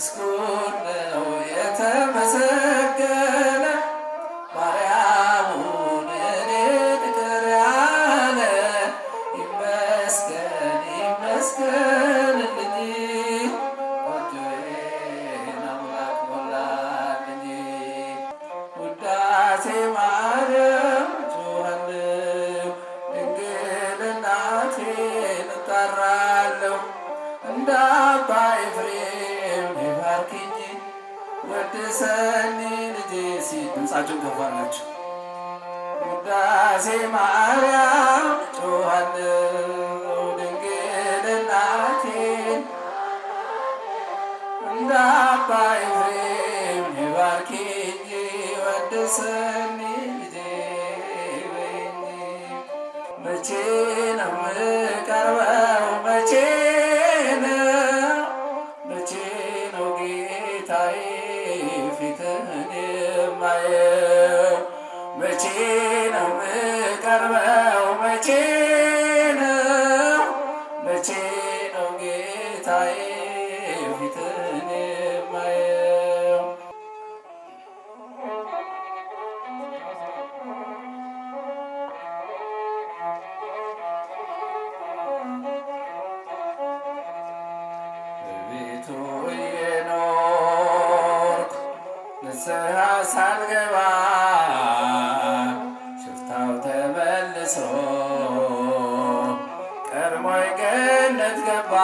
school. መቼ ነው የምቀርበው? መቼ ነው መቼ ነው ጌታዬ ፊትህን የማየው? መቼ መቼ ሞይ ገነት ገባ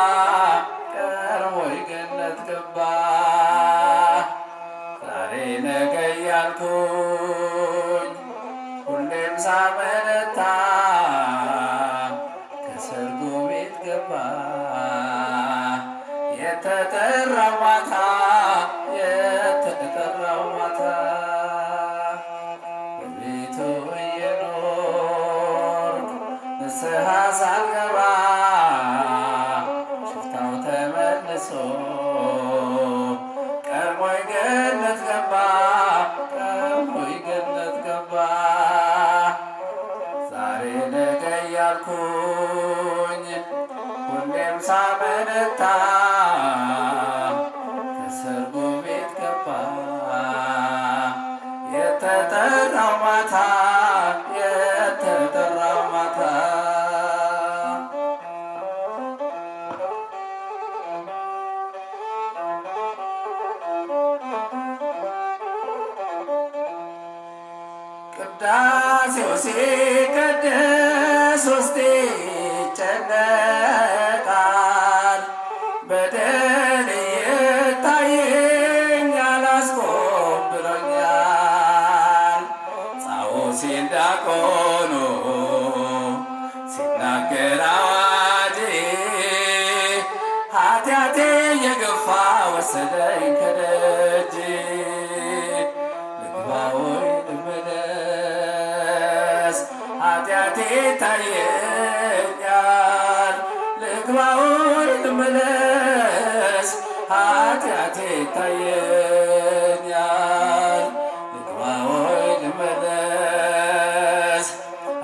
ይታየኛል ልግባውን ልመለስ ኃጢአቴ ይታየኛል ልግባውን ልመለስ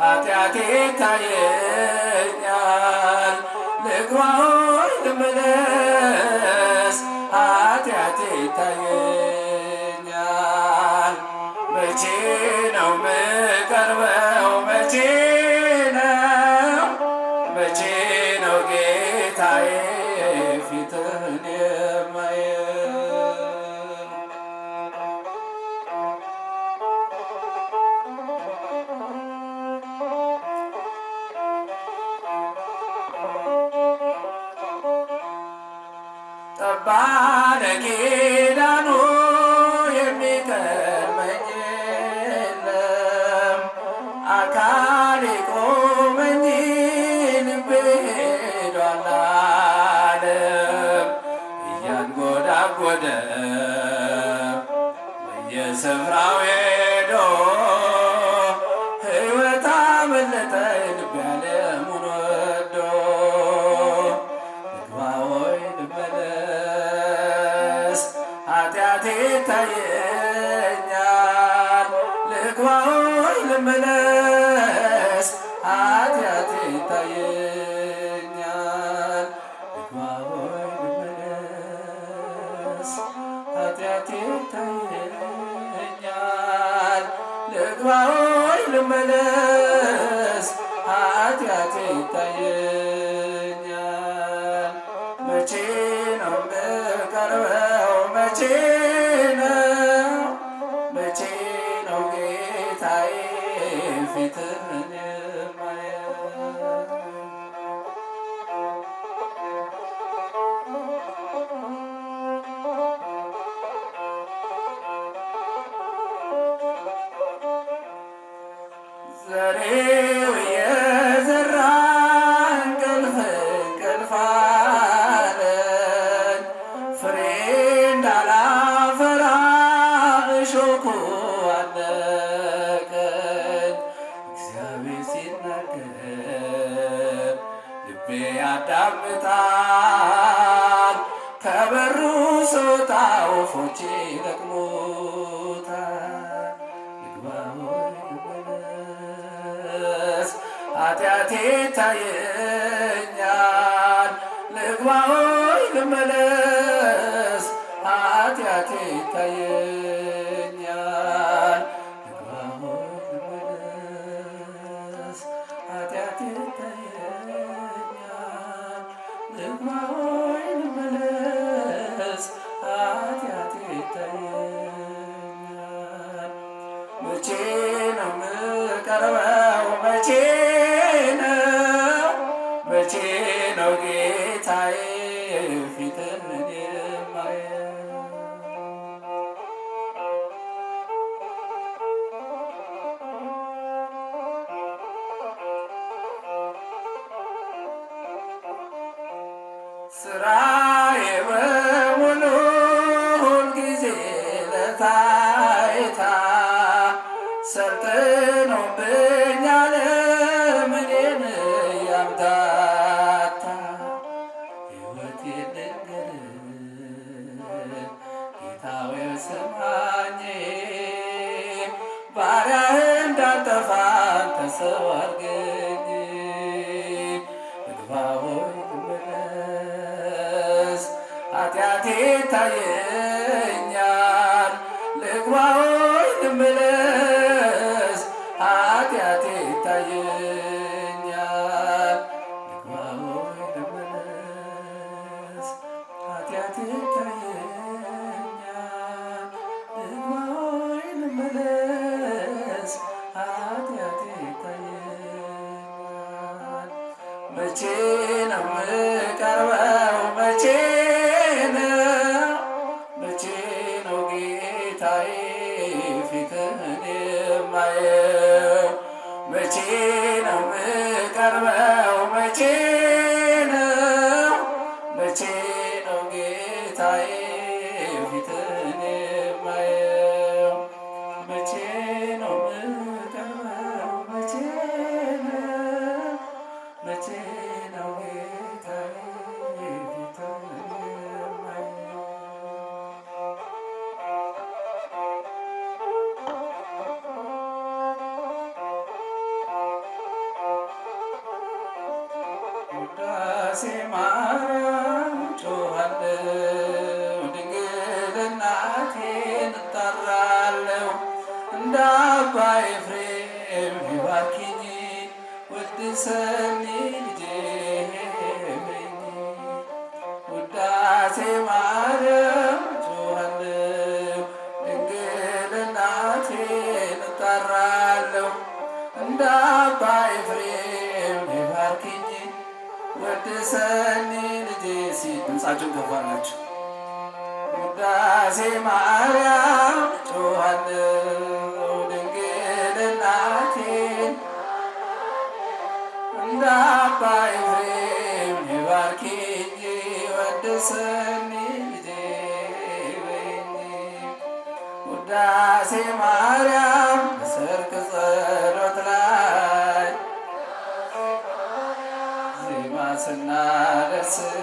ኃጢአቴ ይታየኛል ልግባውን ልመለስ ኃጢአቴ ባለ ኪዳኑ የለም። አካል ቆመኝ ልቤዷል አለም እያንጎዳጎደ በየስፍራ ብለስ ኃጢአቴ ይታየኛል። ልማሆይ ልመለስ ኃጢአቴ ይታየኛል። ልግባሆይ ልመለስ ኃጢአቴ ይታየ እኮ አለቀኝ እግዚአብሔር ሲናገር ልቤ ያዳምጣል። ከበሩ ስወጣ ወፎች ይለቅሙታል። ልግባ ልመለስ ኃጢአቴ ይታየኛል። ልግባ ልመለስ ኃጢአቴ መቼ ነው ጌታዬ ፊትን ኃጢአቴ ይታየኛል። ልግባ ወይ ልመለስ? ኃጢአቴ አባ ኤፍሬም ይባርክኝ ወድሰኒ ልጄ ሲል ድምፃቸውን ከፍ አድርጋችሁ ውዳሴ ማርያም ጮሃለሁ ድንግል እናቴ እንደ አባ ኤፍሬም ይባርክኝ ወድሰኒ ልጄ ውዳሴ ማርያም በሰርክ ጸ pracy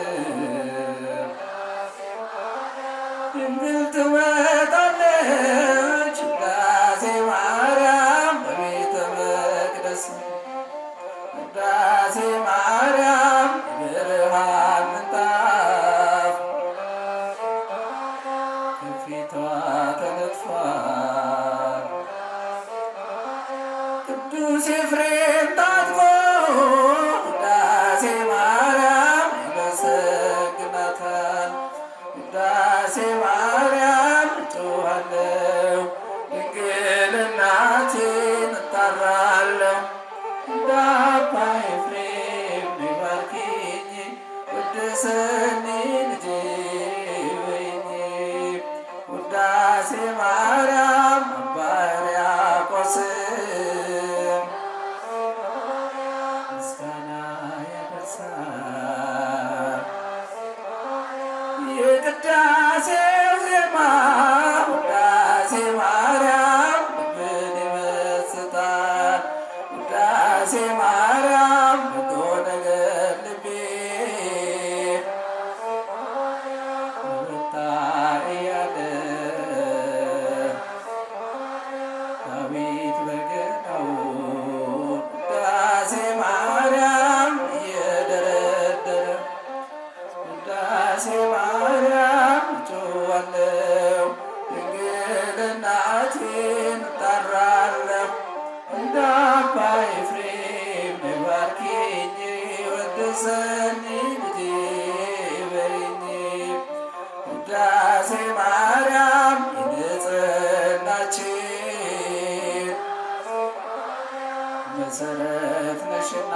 መሰረት ነሽና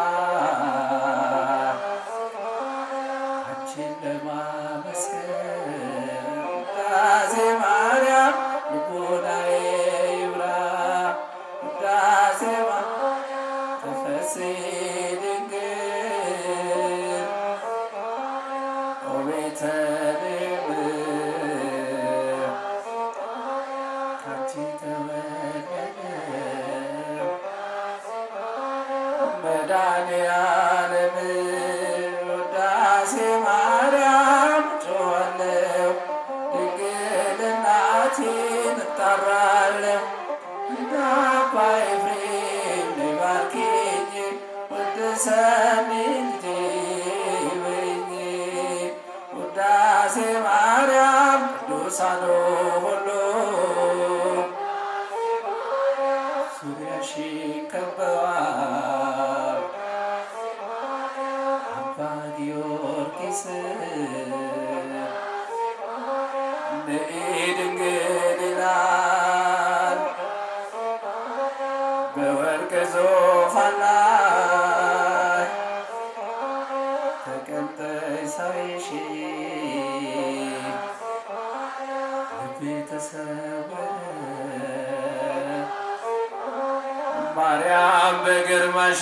አንቺን ለማመስገን ዜማ ውዳሴ ማርያም ቅዱሳኑ በግርማሽ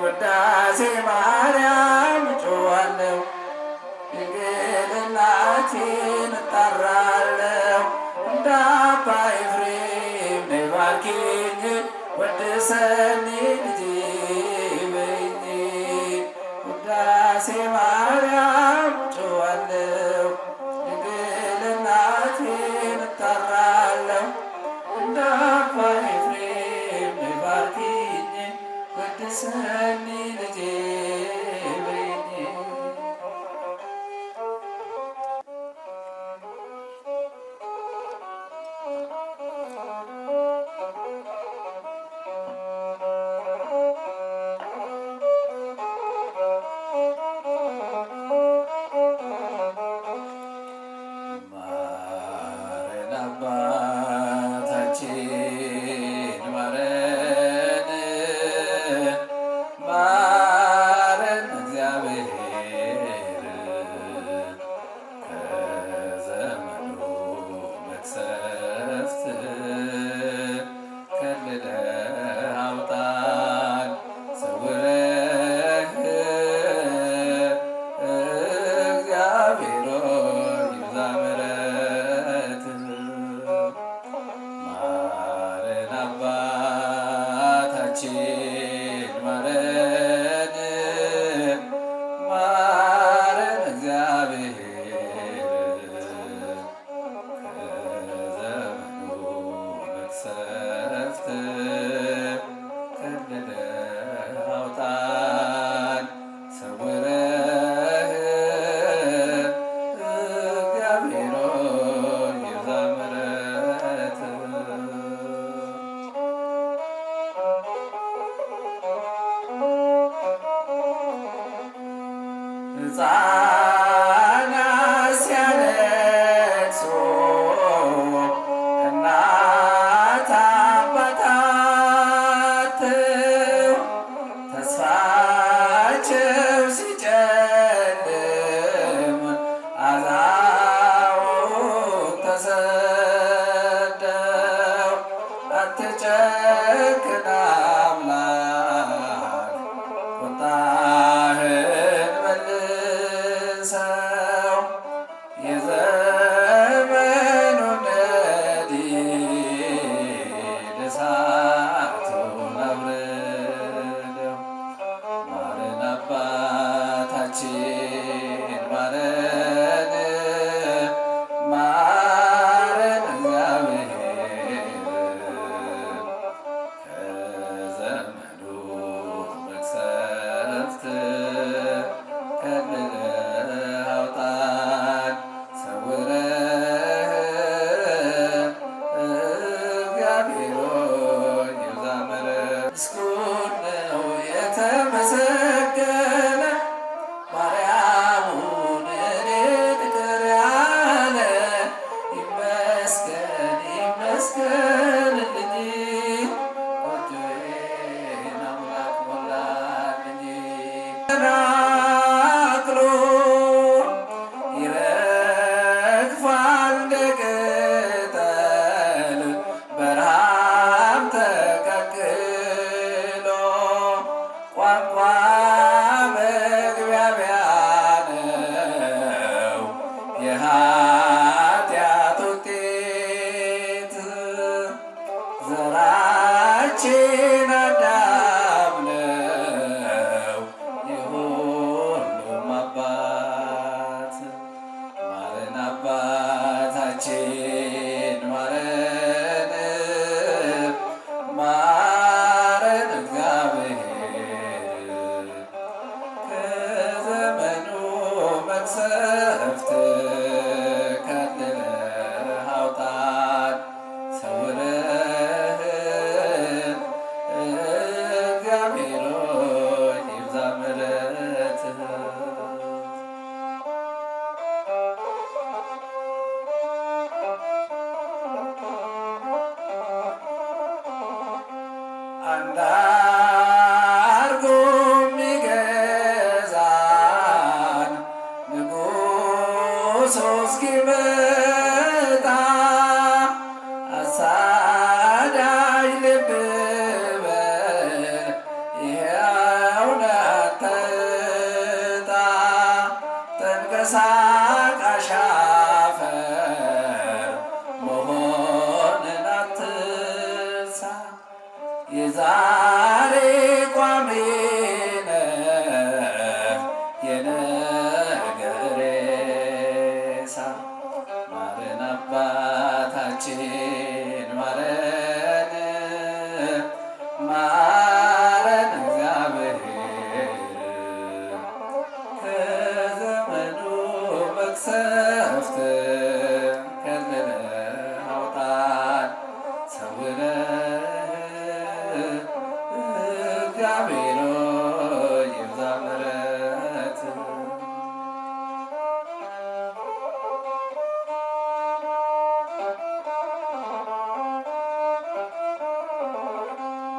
ወዳሴ ማርያም ጮዋለሁ ድንግል እናቴን እጠራለሁ እንደ አባ ባርኪኝ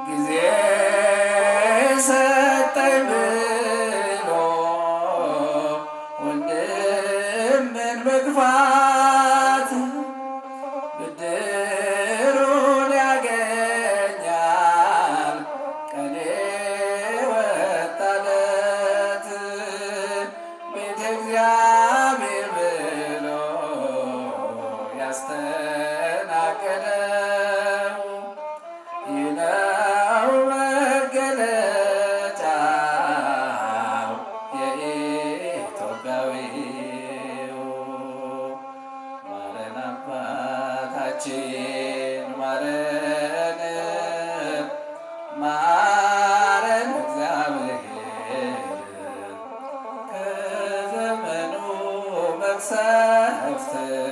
is success.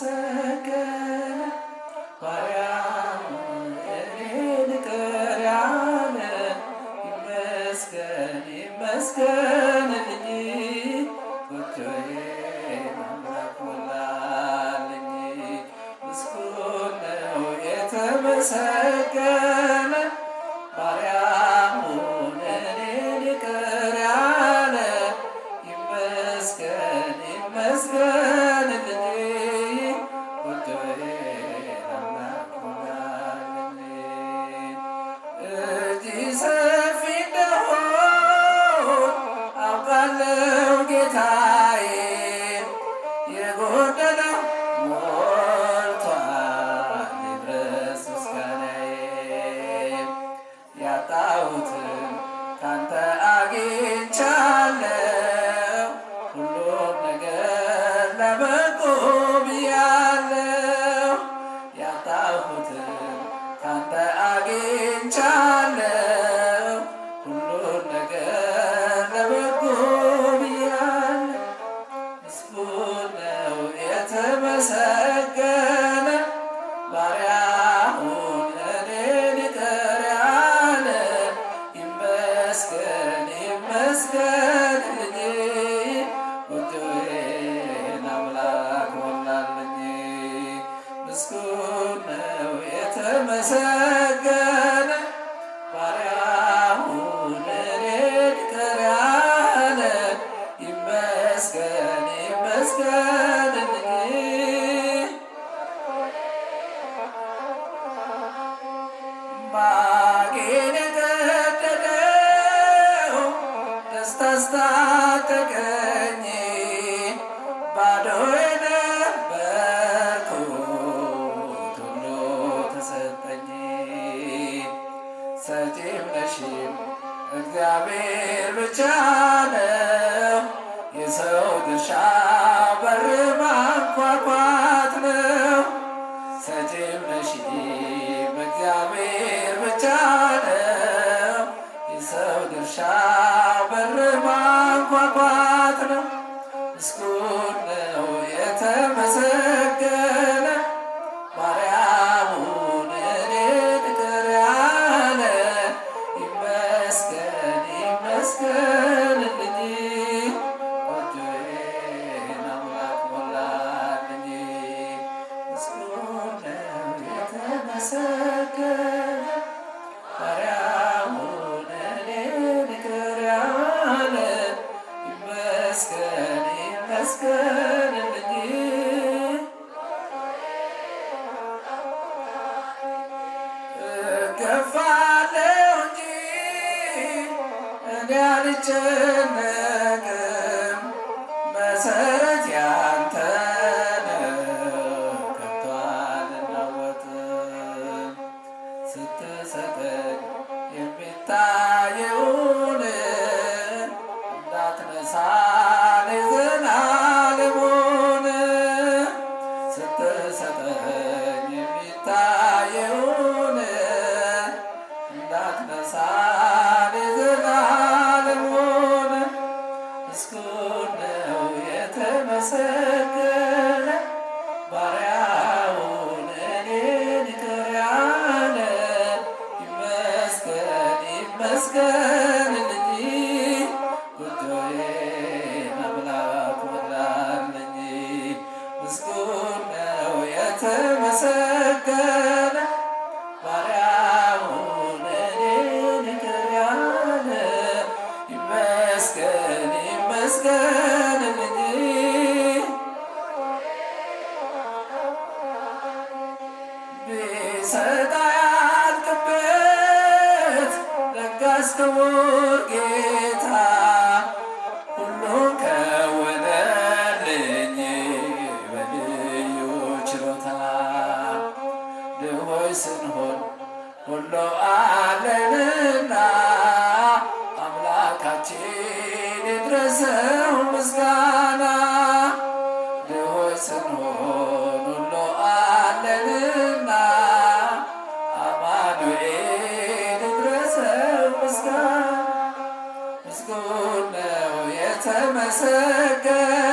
Graça. ঘটনা አልመሰገ ድርሻ በር ማንኳኳት ነው ምስጉን ነው የተመሰ ተመሰገነ